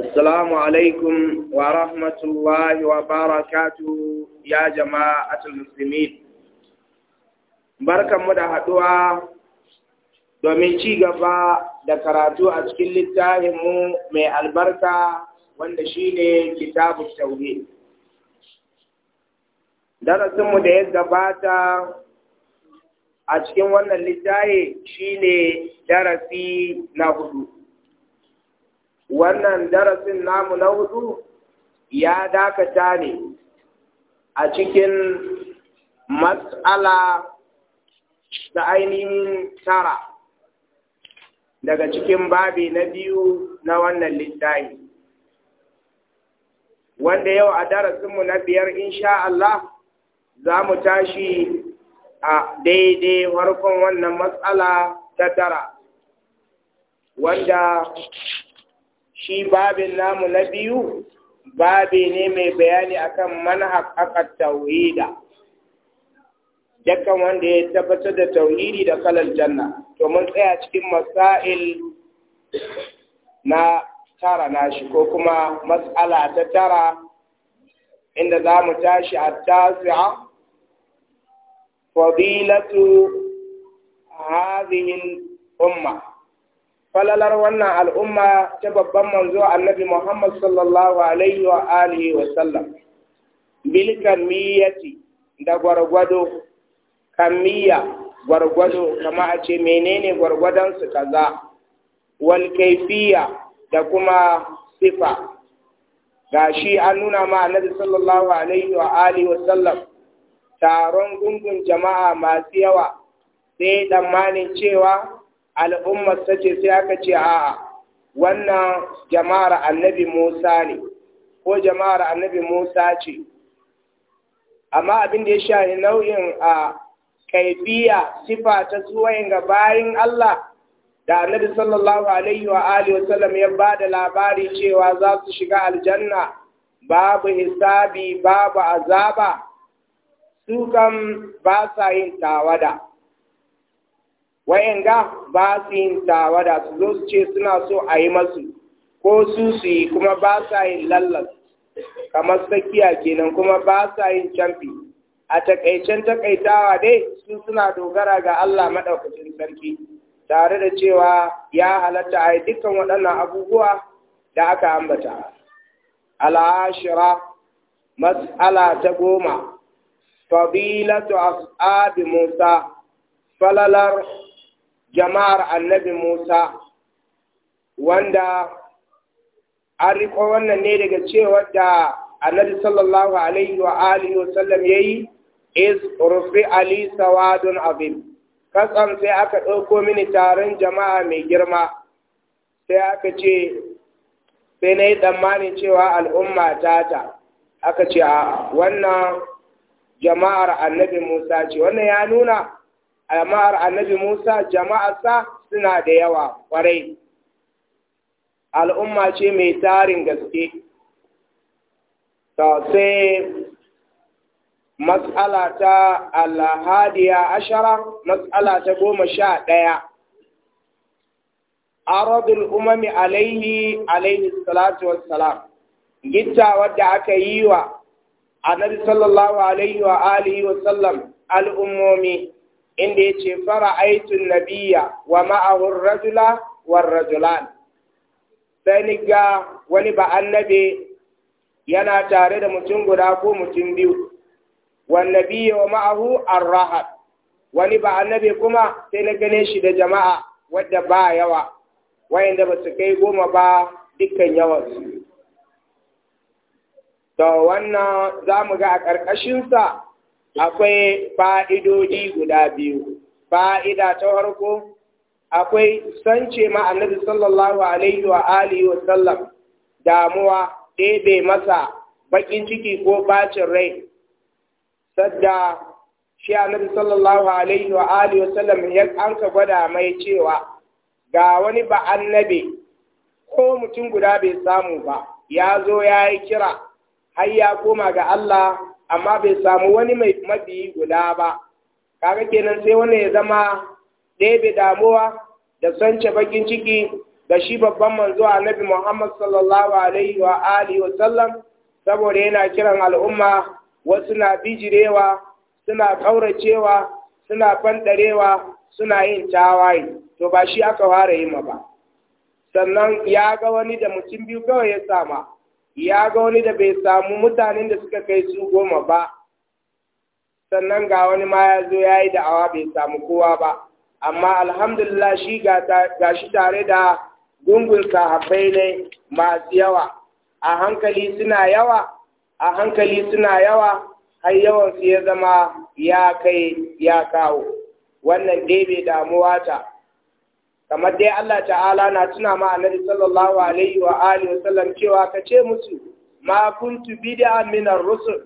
السلام wa barakatu ya jama'a, يا جماعة Barka mu da haɗuwa domin ci gaba da karatu a cikin littafinmu mai albarka wanda shine kitabu Darasin darasinmu da ya gabata a cikin wannan littafi shine darasi na hudu wannan darasin namu na hudu ya dakata ne a cikin matsala da ainihin tara daga cikin babi na biyu na wannan littafi wanda yau a darasinmu na biyar insha Allah za mu tashi a daidai farkon wannan matsala ta tara wanda shi babin namu na biyu babi ne mai bayani akan manhaj aka tauhida dukkan wanda ya tabbatar da tauhidi da kalar janna to mun tsaya cikin masail na tara nashi ko kuma matsala ta tara inda za mu tashi a tasi'a fadilatu hadhihi umma falalar wannan al'umma ta babban manzo annabi Muhammad sallallahu alaihi wa alihi wa sallam bil kamiyati da gwargwado kamiya gwargwado kama a ce menene gwargwadon su kaza wal kaifiya da kuma sifa gashi an nuna ma annabi sallallahu alaihi wa alihi wa sallam taron gungun jama'a masu yawa sai tsammanin cewa al'ummar ce sai aka ce a'a wannan jama'ar annabi Musa ne ko jama'ar annabi Musa ce amma abin da ya shahi nau'in a kaifiya sifa ta suwayin ga bayin Allah da annabi sallallahu alaihi wa alihi wasallam ya bada labari cewa za su shiga aljanna babu hisabi babu azaba su kam ba sa yin tawada wa'yanga ba su yin tawada su zo su ce suna so a yi masu ko su su yi kuma ba sa yin lallas kamar tsakiya kenan kuma ba sa yin camfi a takaicen takaitawa dai su suna dogara ga Allah maɗaukacin sarki tare da cewa ya halatta a yi dukkan waɗannan abubuwa da aka ambata. Al'ashira, mas'ala ta goma, fadilatu ashabi Musa, falalar jama'ar annabi Musa wanda an riko wannan ne daga cewar da annabi sallallahu alaihi wa alihi wa sallam yayi is rufi ali sawadun abin kasan sai aka ɗauko mini taron jama'a mai girma sai aka ce sai na yi tsammanin cewa al'umma ta ta aka ce a wannan jama'ar annabi musa ce wannan ya nuna jama'ar annabi Musa jama'arsa suna da yawa kwarai. Al'umma ce mai tarin gaske, ta sai matsala ta alhadiya ashara, matsala ta goma sha ɗaya. Aradul umami alaihi alaihi salatu wassalam, gitta wadda aka yi wa annabi sallallahu alaihi wa alihi wasallam al'ummomi. inda ya ce fara aikin nabiya wa ma'ahun rajula wa rajulan sai ni ga wani ba annabe yana tare da mutum guda ko mutum biyu wa nabiya wa ma'ahu ar wani ba annabe kuma sai na gane shi da jama'a wadda ba yawa wayanda ba su kai goma ba dukkan yawan su to wannan za mu ga a ƙarƙashinsa akwai fa'idodi guda biyu fa'ida ta harko. akwai sance ma annabi sallallahu alaihi wa alihi wa sallam damuwa ɗebe masa bakin ciki ko bacin rai sadda shi annabi sallallahu alaihi wa alihi wa sallam ya anka gwada mai cewa ga wani ba annabi ko mutum guda bai samu ba ya zo ya yi kira har ya koma ga Allah amma bai samu wani mai mabiyi guda ba kaga kenan sai wani ya zama ɗebe damuwa da sance bakin ciki da shi babban manzo annabi Muhammad sallallahu alaihi wa alihi wa sallam saboda yana kiran al'umma wasu na bijirewa suna kauracewa suna fandarewa suna yin tawaye to ba shi aka ware yi ba sannan ya ga wani da mutum biyu kawai ya sama ya ga wani da bai samu mutanen da suka kai su goma ba sannan ga wani ma ya zo ya yi da'awa bai samu kowa ba amma alhamdulillah shi ga shi tare da gungun sahabbai ne masu yawa a hankali suna yawa a hankali suna yawa har yawan su ya zama ya kai ya kawo wannan ɗebe damuwa ta kamar dai Allah ta'ala na tuna ma annabi sallallahu alaihi wa alihi sallam cewa ka ce musu ma kuntu bid'a min ar-rusul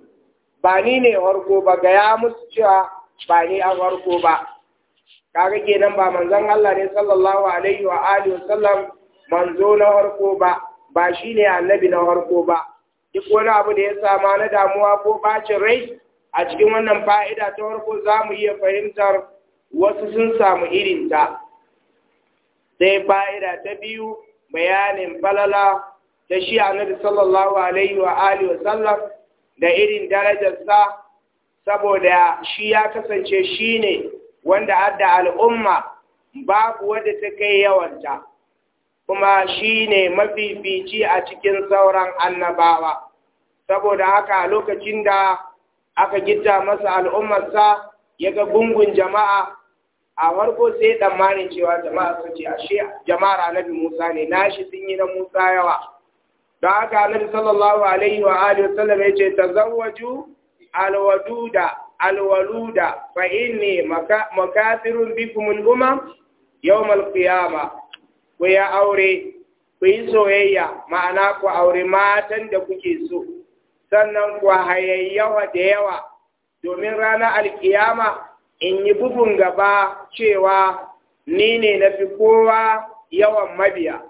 ba ni ne harko ba ga ya musu cewa ba ni an warko ba kaga kenan ba manzon Allah ne sallallahu alaihi wa alihi sallam manzo na harko ba ba shi annabi na harko ba duk wani abu da ya sama na damuwa ko bacin rai a cikin wannan fa'ida ta harko za mu iya fahimtar wasu sun samu irin ta sai fa'ida ta biyu bayanin falala ta shi annabi sallallahu alaihi wa alihi wa sallam da irin darajarsa saboda shi ya kasance shi ne wanda adda al'umma babu wadda ta kai yawanta kuma shi ne mafifici a cikin sauran annabawa saboda haka lokacin da aka gidda masa al'ummarsa ya ga gungun jama'a a farko sai tsammanin cewa jama'a sun ce ashe jama'ar annabi Musa ne nashi sun yi na Musa yawa don haka annabi sallallahu alaihi wa alihi wasallam ya ce tazawwaju alwaduda alwaluda fa inni makathirun bikum al-umam yawm al-qiyama ku ya aure ku yi soyayya ma'ana ku aure matan da kuke so sannan ku hayayyawa da yawa domin ranar alkiyama in yi bugun gaba cewa ni ne na fi kowa yawan mabiya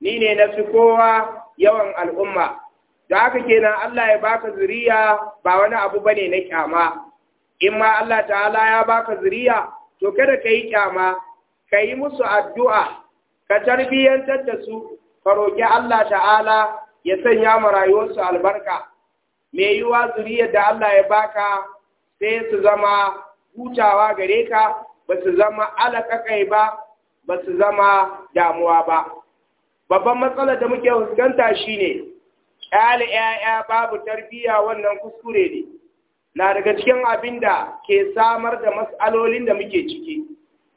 ni ne na fi kowa yawan al'umma da haka kenan Allah ya baka zuriya ba wani abu ba ne na kyama in ma Allah ta'ala ya baka zuriya to kada ka yi kyama ka yi musu addu'a ka tarbiyyantar da su ka roƙi Allah ta'ala ya sanya ma rayuwarsu albarka mai yiwa zuriyar da Allah ya baka sai su zama hutawa gare ka ba su zama alaƙaƙai ba ba su zama damuwa ba babban matsalar da muke fuskanta shine ƙyale 'ya'ya babu tarbiya wannan kuskure ne na daga cikin abin da ke samar da matsalolin da muke ciki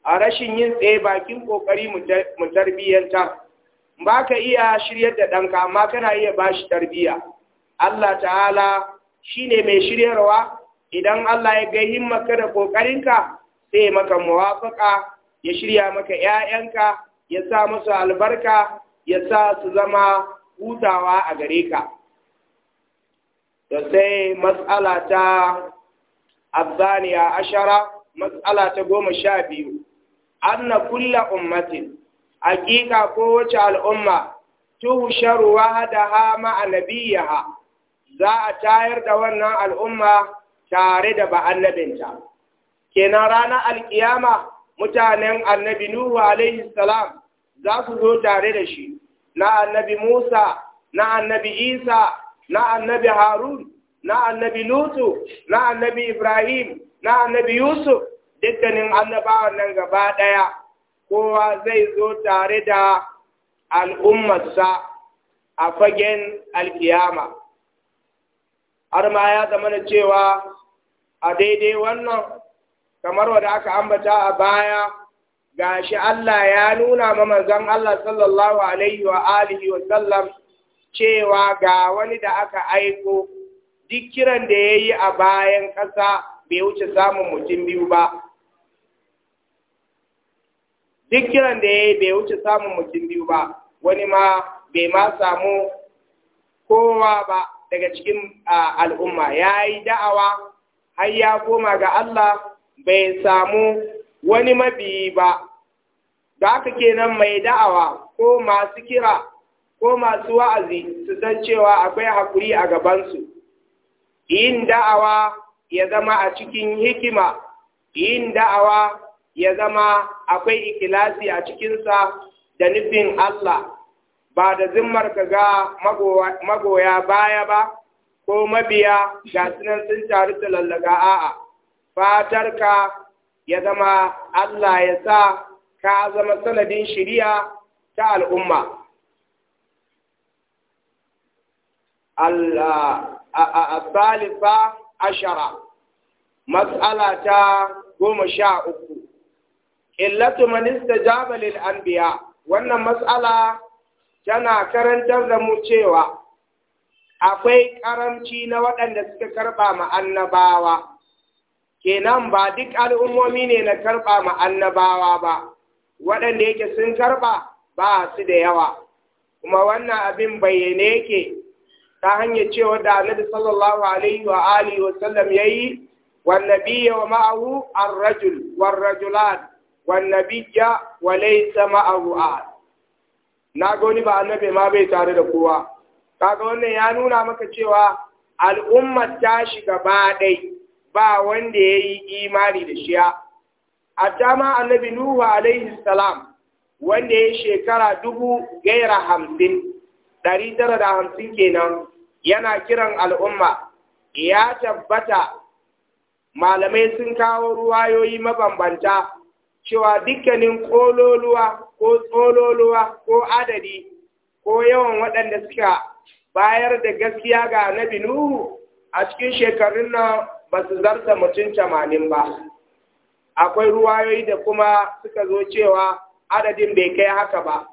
a rashin yin tsaye bakin ƙoƙari mu tarbiyyanta ba ka iya shiryar da ɗanka amma kana iya ba shi tarbiyya Allah ta'ala shi ne mai shiryarwa idan Allah ya ga himmaka da ƙoƙarinka sai ya maka muwafaka ya shirya maka ‘ya'yanka ya sa musu albarka ya sa su zama hutawa a gare ka. Da sai matsala ta azaniya ashara matsala ta goma sha biyu, anna kulla ummatin, hakika kowace al'umma, tuhusharuwa da ma'a nabiyaha, za a tayar da wannan al'umma tare da ba annabinta kenan rana alkiyama mutanen annabi nuhu alaihi salam za su zo tare da shi na annabi musa na annabi isa na annabi harun na annabi lutu na annabi ibrahim na annabi yusuf dukkanin annabawan nan gaba ɗaya kowa zai zo tare da al'ummarsa a fagen alkiyama har ma ya zama da cewa a daidai wannan kamar wadda aka ambata a baya gashi Allah ya nuna ma manzon Allah sallallahu alaihi wa alihi wa sallam cewa ga wani da aka aiko duk kiran da ya yi a bayan ƙasa bai wuce samun mutum biyu ba duk kiran da ya yi bai wuce samun mutum biyu ba wani ma bai ma samu kowa ba daga cikin al'umma ya yi da'awa har ya koma ga Allah bai samu wani mabiyi ba da haka kenan mai da'awa ko masu kira ko masu wa'azi su san cewa akwai haƙuri a gabansu yin da'awa ya zama a cikin hikima yin da'awa ya zama akwai ikilasi a cikinsa da nufin Allah ba da zimmar ka ga magoya baya ba ko mabiya ga sunan sun taru ta lallaga a'a fatar ka ya zama Allah ya sa ka zama sanadin shiriya ta al'umma al-thalitha ashara mas'ala ta goma sha uku illatu manista jabalil anbiya wannan mas'ala tana karantar da mu cewa akwai karamci na waɗanda suka karɓa ma'annabawa, annabawa kenan ba duk al'ummomi ne na karɓa ma ba waɗanda yake sun karɓa ba su da yawa kuma wannan abin bayyane yake ta hanyar cewa da annabi sallallahu alaihi wa alihi wa sallam yayi wan nabiyya wa ma'ahu an rajul war rajulat wa laysa ma'ahu na ga wani ba annabi ma bai tare da kowa kaga wannan ya nuna maka cewa al'ummar ta shiga ba dai ba wanda ya yi imani da shiya a ma annabi nuhu alaihi salam wanda ya shekara dubu gaira hamsin ɗari tara da hamsin kenan yana kiran al'umma ya tabbata malamai sun kawo ruwayoyi mabambanta cewa dukkanin ƙololuwa ko tsololuwa ko adadi ko yawan waɗanda suka bayar da gaskiya ga annabi Nuhu a cikin shekarun nan ba su zarta mutum tamanin ba. Akwai ruwayoyi da kuma suka zo cewa adadin bai kai haka ba,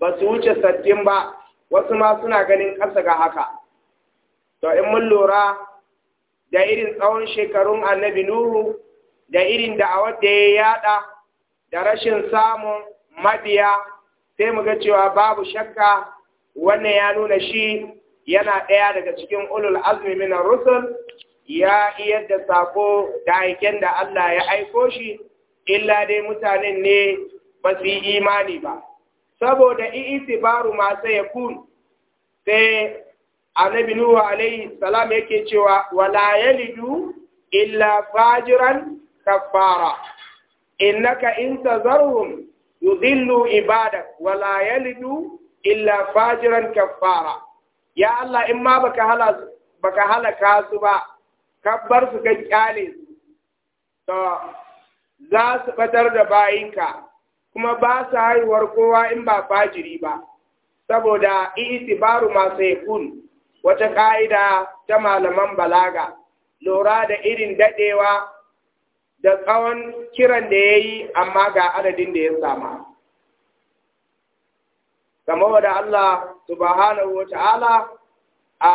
ba su wuce sattin ba, wasu ma suna ganin ƙasa ga haka. To in mun lura da irin tsawon shekarun annabi Nuhu da irin da a da ya yada da rashin samun mabiya sai mu ga cewa babu shakka wannan ya nuna shi yana ɗaya daga cikin ulul azmi min rusul ya iya da sako da aiken da Allah ya aiko shi illa dai mutanen ne ba su yi imani ba saboda itibaru ma sai ya kun sai annabi nuhu alaihi salam yake cewa wala yalidu illa fajiran kafara innaka in tazarhum zillu ibadak wa la yalidu illa fajiran kaffara ya Allah in ma baka halaka halaka su ba kabbar su ga kyale su to za su batar da bayinka kuma ba su haihuwar kowa in ba fajiri ba saboda itibaru masu yakun wata ka'ida ta malaman balaga lura da irin dadewa da tsawon kiran da ya yi amma ga adadin da ya sama. Kama wada Allah subhanahu wa ta'ala a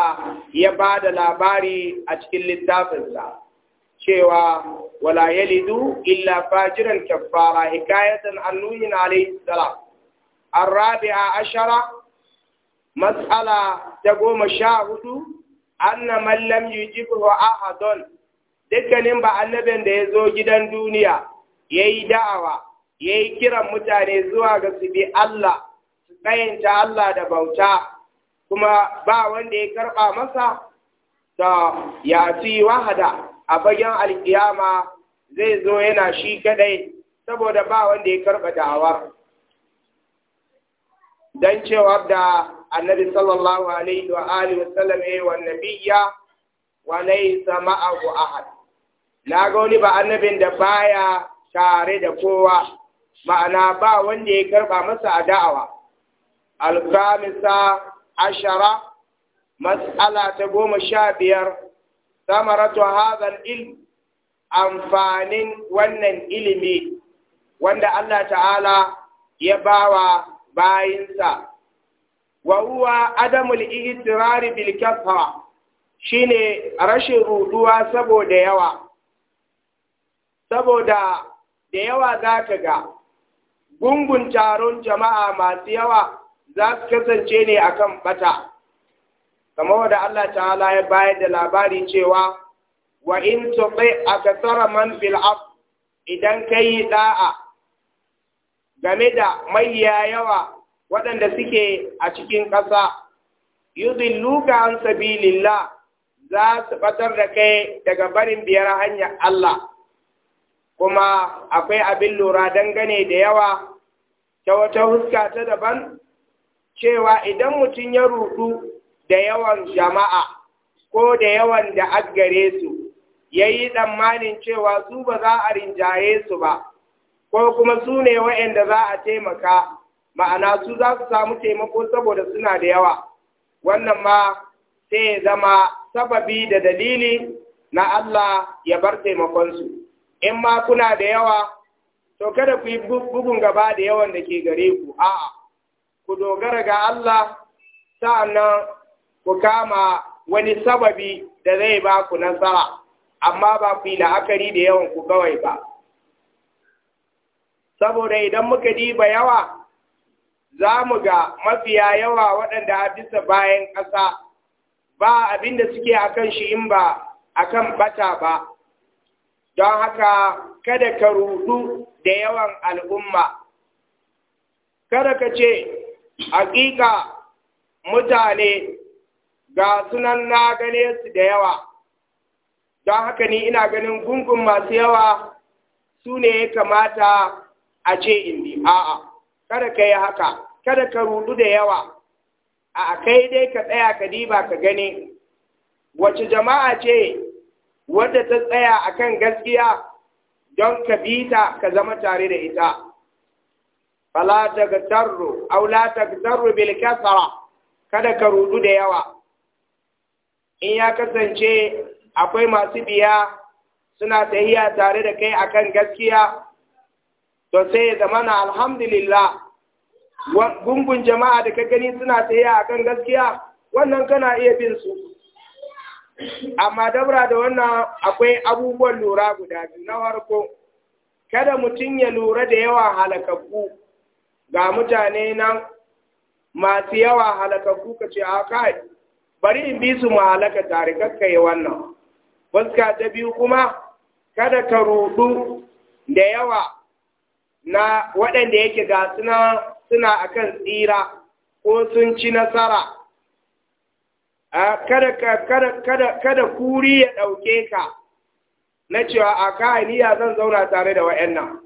ya ba da labari a cikin littafinsa cewa wala yalidu illa fajiran kaffara hikayatan annuhin matsala salam. goma sha hudu? تقوم شاهد أن mallam لم يجبه أحد dukkanin ba annabin da ya zo gidan duniya ya yi da'awa ya yi kiran mutane zuwa ga su bi Allah su tsayanta Allah da bauta kuma ba wanda ya karɓa masa Ta ya ci wahada a fagen alkiyama zai zo yana shi kadai saboda ba wanda ya karɓa da'awar don cewar da annabi sallallahu alaihi wa alihi wasallam ya yi wa eh, nabiya wa laisa ma'ahu ahad na ga wani ba annabin da baya tare da kowa ma'ana ba wanda ya karba masa a da'awa alkamisa ashara mas'ala ta goma sha biyar samaratu hadhal ilm amfanin wannan ilimi wanda Allah ta'ala ya bawa bayinsa wa huwa adamul ihtirari bil kathra shine rashin ruduwa saboda yawa saboda da yawa za ka ga gungun taron jama'a masu yawa za su kasance ne akan bata kamar wadda Allah ta'ala ya bayar da labari cewa wa in tuqi akthara man fil idan kai da'a game da mayya yawa waɗanda suke a cikin ƙasa yudilluka an sabilillah za su batar da kai daga barin biyar hanyar Allah kuma akwai abin lura dangane da yawa ta wata huska ta daban cewa idan mutum ya rudu da yawan jama'a ko da yawan da agare su ya yi tsammanin cewa su ba za a rinjaye su ba ko kuma su ne waɗanda za a taimaka ma'ana su za su samu taimako saboda suna da yawa wannan ma sai ya zama sababi da dalili na Allah ya bar taimakonsu. in ma kuna da yawa to kada ku yi bugun gaba da yawan da ke gare ku a'a ku dogara ga Allah sa'annan ku kama wani sababi da zai ba ku nasara amma ba ku yi la'akari da yawan ku kawai ba saboda idan muka diba yawa za mu ga mafiya yawa waɗanda a bisa bayan ƙasa ba abinda suke akan shi in ba akan bata ba don haka kada ka rudu da yawan al'umma kada ka ce hakika mutane ga sunan na gane su da yawa don haka ni ina ganin gungun masu yawa su ne ya kamata a ce indi a'a kada ka yi haka kada ka rudu da yawa a kai dai ka tsaya ka diba ka gani wace jama'a ce wadda ta tsaya a kan gaskiya don ka bi ta ka zama tare da ita fala tagtarru aw la kada ka rudu da yawa in ya kasance akwai masu biya suna tahiya tare da kai a kan gaskiya to sai na alhamdulillah gungun jama'a da ka gani suna tahiya kan gaskiya wannan kana iya bin su amma dabra da wannan akwai abubuwan lura guda biyu na farko kada mutum ya lura da yawa halakakku ga mutane nan masu yawa halakakku ka ce a ah, kai bari in bi su mahalaka tare kakka yi wannan fuska ta biyu kuma kada ka rudu da yawa na waɗanda yake ga suna suna akan tsira ko sun ci nasara a kada kada kada kada kuri ya dauke ka na cewa a kai ni ya zan zauna tare da wayannan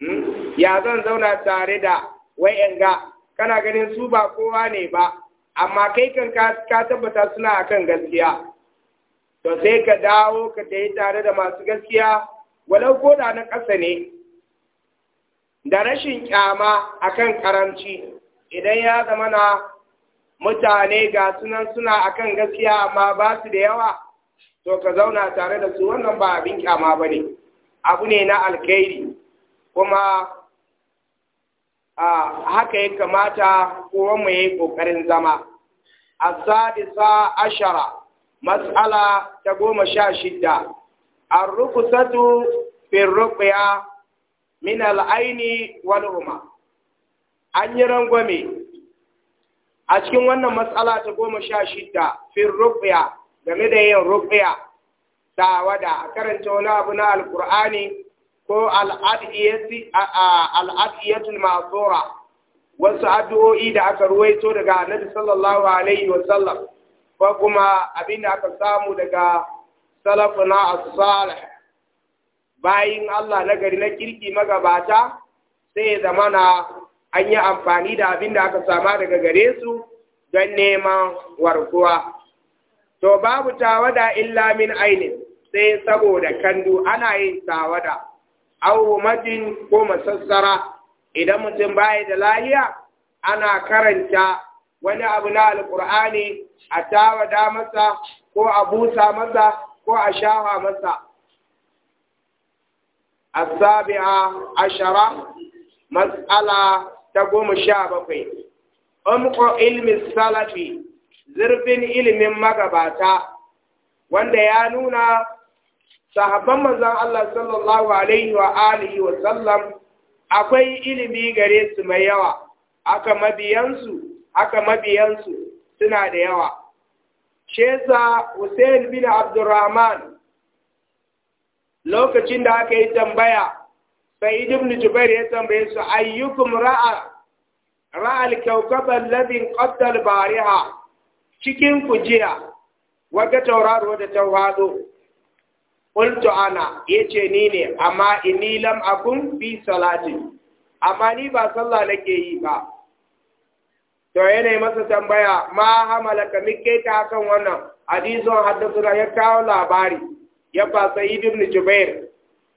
hmm? ya zan zauna tare da wayanga kana ganin su ba kowa ne ba amma kai kan ka tabbata suna akan gaskiya to sai ka dawo ka tayi tare da masu gaskiya walau ko da na ƙasa ne da rashin kyama akan karanci idan ya zama na mutane ga sunan suna akan gaskiya amma ba su da yawa to ka zauna tare da su wannan ba abin kyama ba ne abu ne na alkhairi kuma haka ya kamata kowa mu yi ƙoƙarin zama A sadisa ashara matsala ta goma sha shidda rukusatu fin rukuya min al'aini wani an yi rangwame a cikin wannan matsala ta goma sha shida fin rufiya game da yin rufiya ta wada a karanta wani abu na alkur'ani ko al'adiyyatul ma'asura wasu addu'o'i da aka ruwaito daga annabi sallallahu alaihi wa ko kuma abin da aka samu daga salafuna as-salih bayin Allah na gari na kirki magabata sai zamana an yi amfani da abin da aka sama daga gare su don neman warkuwa. To babu tawada illa min ainin sai saboda kandu ana yin tawada, au majin ko masassara idan mutum baya da lahiya ana karanta wani abu na alkur'ani a tawada masa ko a busa masa ko a shawa masa. السابعة عشرة مسألة ta goma sha bakwai umqo ilmin salafi zurfin ilimin magabata wanda ya nuna sahabban manzon Allah sallallahu alaihi wa alihi wa sallam akwai ilimi gare su mai yawa aka mabiyansu aka mabiyansu suna da yawa shesa Hussein bin Abdurrahman lokacin da aka yi tambaya سعيد بن ya يتنبيس su رأى رأى الكوكب الذي انقض البارحة cikin ku jiya wata tauraro da ta wado qultu ana yace ni ne amma inni lam akun fi salati amma ni ba sallah nake yi ba to yana masa tambaya ma hamalaka mikke ta kan wannan hadisin haddathuna ya kawo labari ya ba sa'id jubair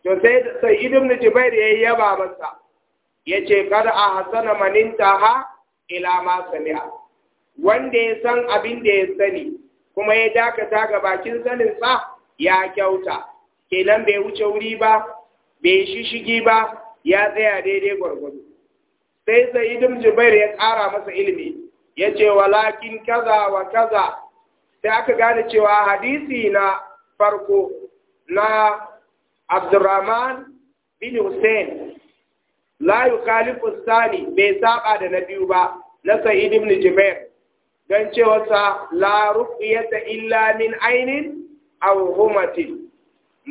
to sai sai ne jibair yayi yaba masa yace kada a hasana maninta ha ila ma sami'a wanda ya san abin da ya sani kuma ya dakata ga bakin sanin sa ya kyauta kenan bai wuce wuri ba bai shishigi ba ya tsaya daidai gwargwado sai sai idan jibair ya kara masa ilimi yace walakin kaza wa kaza sai aka gane cewa hadisi na farko na Abdurrahman bin Hussein la yukhalifu sani bai saɓa da na biyu ba na Sa'id ibn Jubair dan cewarsa la ruqyata illa min ainin aw humatin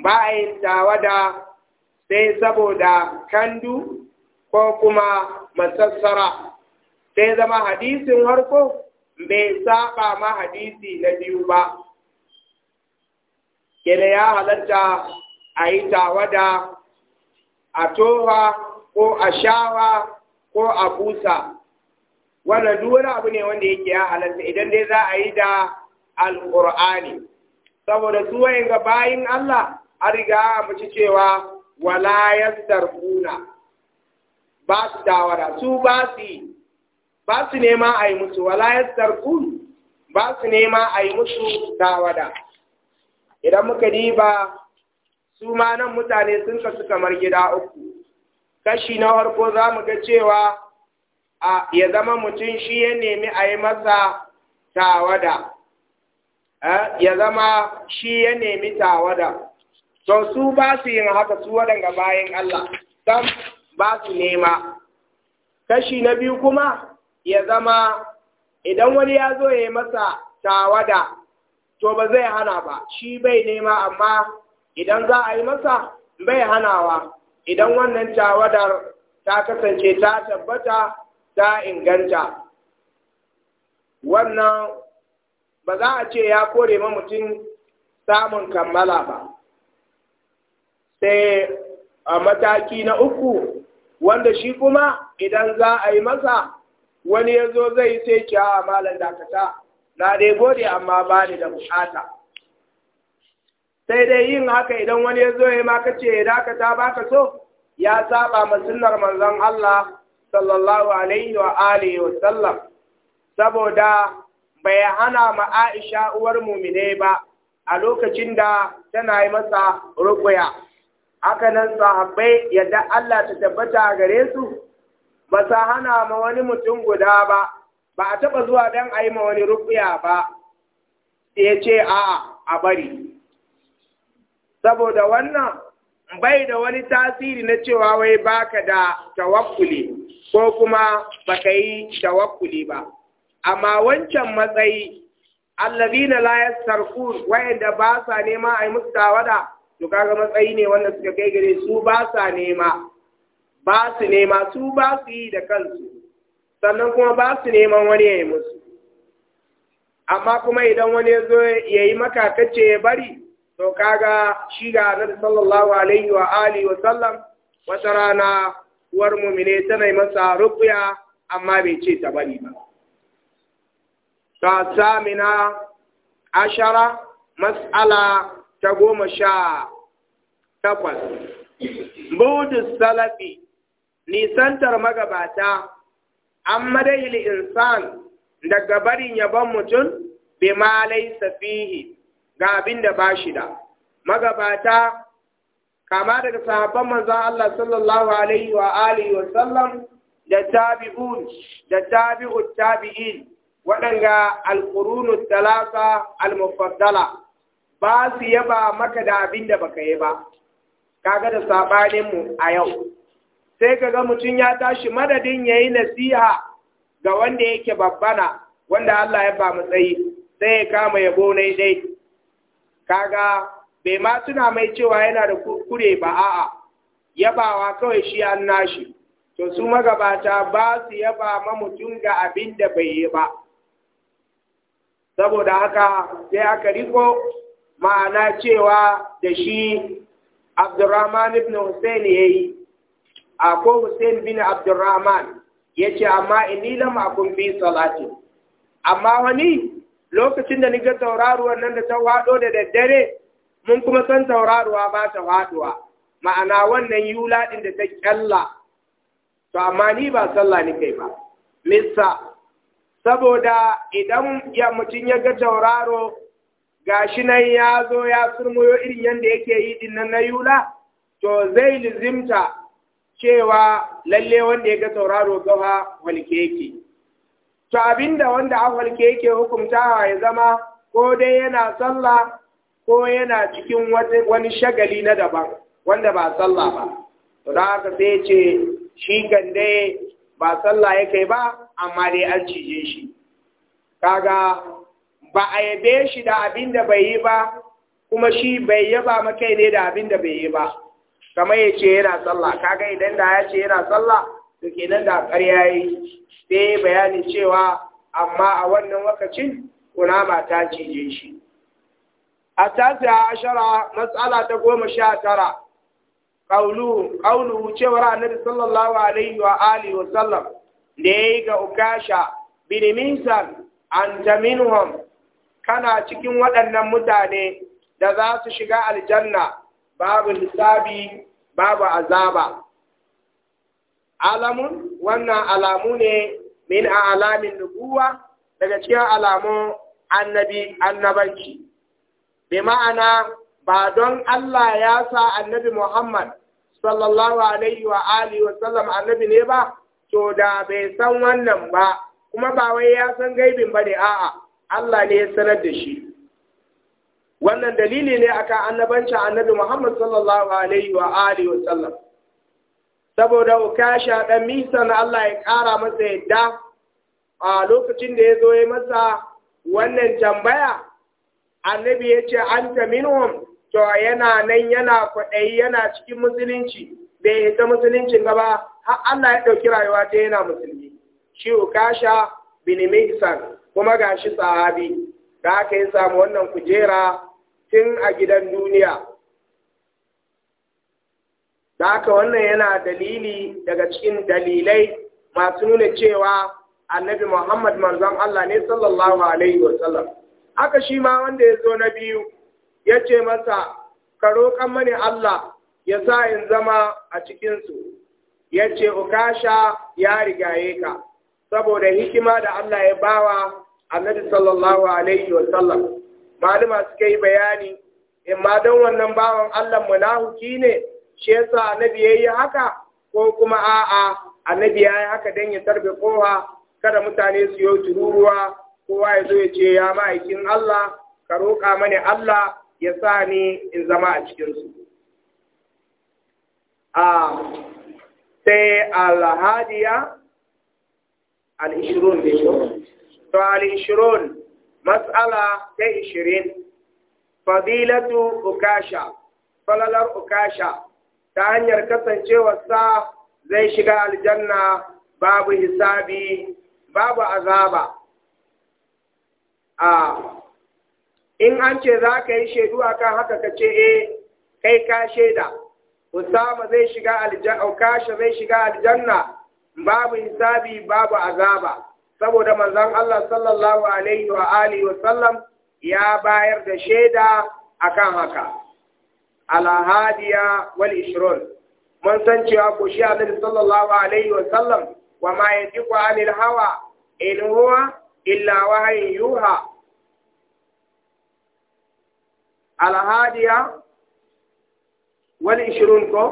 ba yin tawada sai saboda kandu ko kuma masassara sai zama hadisin harko bai saɓa ma hadisi na biyu ba kene ya halarta. a yi tawada a toha ko a shawa ko a busa wannan duk wani abu ne wanda yake ya halarta idan dai za a yi da alƙur'ani saboda su ga bayin Allah a riga mu ci cewa wala yastarfuna ba su tawada su ba su ba su nema a yi musu wala yastarfun ba su nema a yi musu tawada idan muka diba su ma nan mutane sun kasu kamar gida uku kashi na harko za mu ga cewa a ya zama mutum shi ya nemi a yi masa tawada ya zama shi ya nemi tawada to su ba su yin haka su waɗanga bayan Allah don ba su nema kashi na biyu kuma ya zama idan wani ya zo ya yi masa tawada to ba zai hana ba shi bai nema amma idan za a yi masa bai hanawa idan wannan tawadar ta kasance ta tabbata ta inganta wannan ba za a ce ya kore ma mutum samun kammala ba sai a mataki na uku wanda shi kuma idan za a yi masa wani ya zo zai sai ciyawa malam dakata na dai gode amma ba ni da bukata sai dai yin haka idan wani ya zo ya ma kace ya dakata ba ka so ya saba ma sunnar manzon Allah sallallahu alaihi wa alihi wa sallam saboda bai hana ma Aisha uwar mumine ba a lokacin da tana yi masa ruqya haka nan sahabbai yadda Allah ta tabbata gare su ba sa hana ma wani mutum guda ba ba a taba zuwa dan a yi ma wani ruqya ba sai ya ce a'a a bari saboda wannan bai da wani tasiri na cewa wai baka da tawakkuli ko kuma baka yi tawakkuli ba amma wancan matsayi allazina la yastarqun wayanda ba sa nema ai musu tawada to kaga matsayi ne wanda suka kai gare su ba sa nema ba su nema su ba su yi da kansu sannan kuma ba su neman wani ya yi musu amma kuma idan wani ya zo ya yi maka kace ya bari to kaga shi ga annabi sallallahu alaihi wa alihi wa sallam wata rana uwar mumine tana yi masa rubuya amma bai ce ta bari ba ta samina ashara mas'ala ta goma sha takwas budu salafi nisantar magabata an madahil insan daga barin yabon mutum bi ma fihi ga abin da ba shi da magabata kama daga sahabban manzon Allah sallallahu alaihi wa alihi wa sallam da tabi'un da tabi'ut tabi'in waɗanga alƙurunu talata almufaddala ba su yaba maka da abin da baka yi ba kaga da mu a yau sai kaga mutum ya tashi madadin yayi nasiha ga wanda yake babbana wanda Allah ya ba tsayi, sai ya kama yabo na dai kaga bai ma tuna mai cewa yana da kure ba a'a yabawa kawai shi an nashi to su magabata ba su yaba ma mutum ga abin da bai yi ba saboda haka sai aka riko ma'ana cewa da shi abdurrahman ibn hussein ya yi a ko hussein bin abdurrahman ya ce amma inni lam akun fi salati amma wani lokacin da niga tauraruwar nan da ta waɗo da daddare mun kuma san tauraruwa ba ta waɗuwa ma'ana wannan yula ɗin da ta ƙyalla to amma ni ba sallah ni kai ba missa saboda idan ya mutum ya ga tauraro gashi nan ya zo ya surmuyo irin yadda yake yi din nan na yula to zai lizimta cewa lalle wanda ya ga tauraro gawa walke yake to abinda wanda afalke yake hukuntawa ya zama ko dai yana sallah ko yana cikin wani shagali na daban wanda ba sallah ba to da haka sai ce shi kan dai ba sallah yake ba amma dai an cije shi kaga ba a yabe shi da abinda bai yi ba kuma shi bai yaba makai ne da abinda bai yi ba kamar ya ce yana sallah kaga idan da ya ce yana sallah to kenan da ƙarya yi sai bayani cewa amma a wannan lokacin kunama ta cije shi a a ashara matsala ta goma sha tara ƙauluhu cewar annabi sallallahu alaihi wa alihi wa sallam da ya yi ga ukasha bin minsan an kana cikin waɗannan mutane da za su shiga aljanna babu lissabi babu azaba alamun wannan alamu ne min a alamin nubuwa daga cikin alamu annabi annabanci bi ma'ana ba don Allah ya sa annabi Muhammad sallallahu alaihi wa alihi wa sallam annabi ne ba to da bai san wannan ba kuma ba wai ya san gaibin ba ne a'a Allah ne ya sanar da shi wannan dalili ne akan annabancin annabi Muhammad sallallahu alaihi wa alihi wa sallam saboda ukasha ɗan misan Allah ya ƙara masa yadda a lokacin da ya zo ya masa wannan tambaya annabi ya ce an ta minhum to yana nan yana kwaɗayi yana cikin musulunci bai isa musuluncin gaba har Allah ya ɗauki rayuwa ta yana musulmi shi ukasha bin misan kuma gashi sahabi da aka yi samu wannan kujera tun a gidan duniya da haka wannan yana dalili daga cikin dalilai masu nuna cewa annabi Muhammad manzon Allah ne sallallahu alaihi wa sallam haka shi ma wanda ya zo na biyu ya ce masa ka roƙan mani Allah ya sa in zama a cikinsu ya ce ukasha ya rigaye ka saboda hikima da Allah ya bawa annabi sallallahu alaihi wa sallam malama suka yi bayani in ma don wannan bawan Allah munahuki ne shi yasa annabi yayi haka ko kuma a'a annabi yayi haka dan ya tarbe kowa kada mutane su yi tururuwa kowa ya zo ya ce ya ma'aikin Allah ka roƙa mani Allah ya sa ni in zama a cikinsu. A sai alhadiya al-ishirun da shi. To al-ishirun mas'ala ta ishirin fadilatu ukasha falalar ukasha ta hanyar kasancewarsa zai shiga aljanna babu hisabi babu azaba a in an ce za ka yi shaidu a kan haka ka ce e kai ka shaida usama zai shiga aljanna kasha zai shiga aljanna babu hisabi babu azaba saboda manzon Allah sallallahu alaihi wa alihi wa sallam ya bayar da shaida akan haka alhadiya wal ishrun mun san cewa ko shi annabi sallallahu alaihi wa sallam wa ma yantiqu anil hawa in huwa illa wal ishrun ko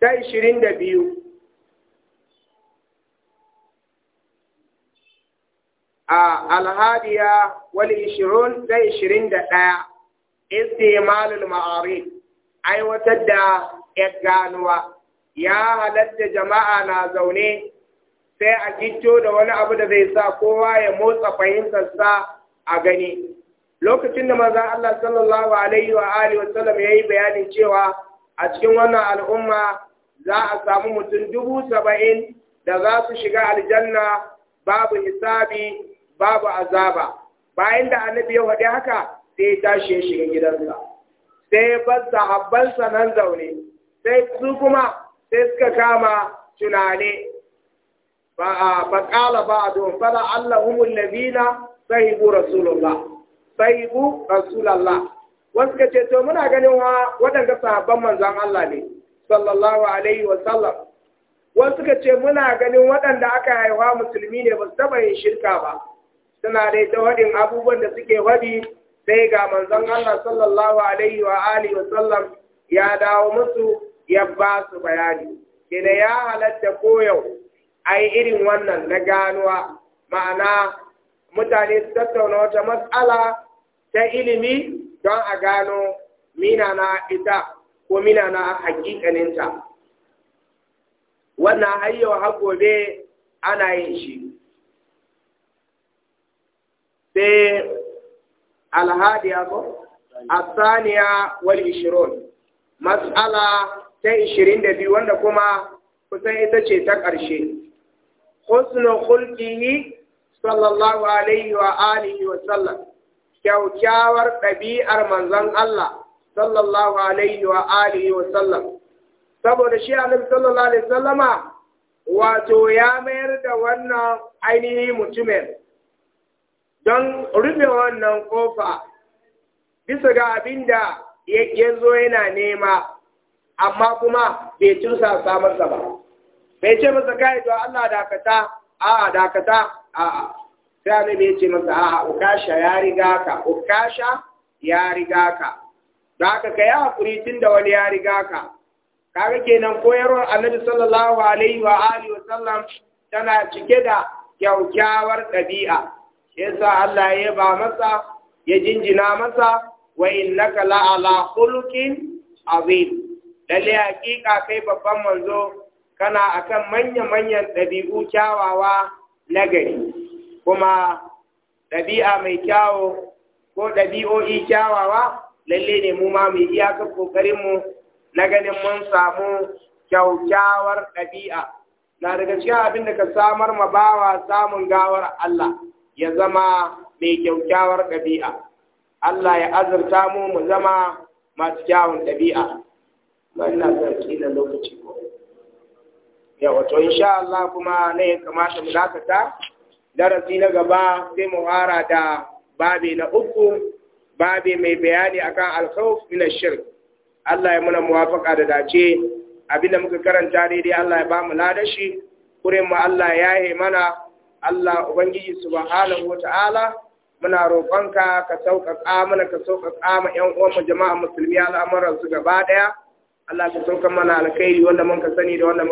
ta 22 a alhadiya wal ta istimalul ma'arif aiwatar da ‘yar ganuwa ya halatta jama'a na zaune sai a gicco da wani abu da zai sa kowa ya motsa fahimtarsa a gani lokacin da maza Allah sallallahu alaihi wa alihi wa sallam ya yi bayanin cewa a cikin wannan al'umma za a samu mutum dubu saba'in da za su shiga aljanna babu hisabi babu azaba bayan da annabi ya faɗi haka sai ta shi shiga gidansa sai bar sahabbansa nan zaune sai su kuma sai suka kama tunane ba a faƙala ba a don fara Allahumul ladina sahibu rasulullah sahibu rasulullah wasu ka ce to muna ganin wa waɗanda sahabban manzan Allah ne sallallahu alaihi wa sallam wasu ka ce muna ganin waɗanda aka haihuwa musulmi ne ba su taɓa yin shirka ba suna dai ta waɗin abubuwan da suke waɗi sai ga manzon Allah sallallahu alaihi wa alihi wasallam ya dawo musu ya ba su bayani kina ya halatta ko yau ai irin wannan na ganuwa ma'ana mutane su tattauna wata matsala ta ilimi don a gano mina na ita ko mina na hakikaninta wannan hayyau har gobe ana yin shi sai alhadiya ko asaniya wal ishirun mas'ala ta ishirin da biyu wanda kuma kusan ita ce ta ƙarshe husnul khulqihi sallallahu alaihi wa alihi wa sallam kyaukyawar ɗabi'ar manzon Allah sallallahu alaihi wa saboda shi annabi sallallahu alaihi sallama wato ya mayar da wannan ainihin mutumin don rufe wannan kofa bisa ga abin da ya zo yana nema amma kuma bai sa samarsa ba bai ce masa kai to Allah dakata a dakata a sai ne ya ce masa a ukasha ya riga ka ukasha ya riga ka da ka ka yi hakuri tun da wani ya riga ka kaga kenan koyarwar annabi sallallahu alaihi wa alihi wa sallam tana cike da kyaukyawar ɗabi'a yasa Allah ya ba masa ya jinjina masa wa innaka la ala khuluqin azim lalle hakika kai babban manzo kana akan manya manyan dabi'u kyawawa na gari kuma dabi'a mai kyawo ko dabi'o'i kyawawa lalle ne mu ma mai iyakar kokarin mu na ganin mun samu kyaukyawar dabi'a na daga cikin abin da ka samar ma bawa samun gawar Allah ya zama mai kyaukyawar ɗabi'a Allah ya azurta mu mu zama masu kyawun ɗabi'a wannan zarki na lokaci ko ya wato insha Allah kuma na ya kamata mu dakata darasi na gaba sai mu fara da babi na uku babi mai bayani akan alkhawf min shirk Allah ya muna muwafaka da dace abinda muka karanta daidai Allah ya ba mu ladashi kurin mu Allah ya yi mana Allah Ubangiji subhanahu wa ta'ala muna roƙonka ka sauƙaƙa mana ka sauƙaƙa ma ƴan uwanmu jama'a musulmi al'amuran su gaba ɗaya Allah ka sauka mana alkhairi wanda mun ka sani da wanda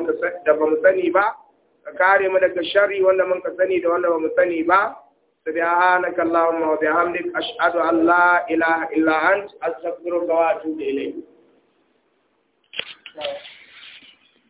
da ba mu sani ba ka kare mu daga shari wanda mun ka sani da wanda mu sani ba subhanaka allahumma wa bihamdik ashhadu an la ilaha illa ant astaghfiruka wa atubu ilayk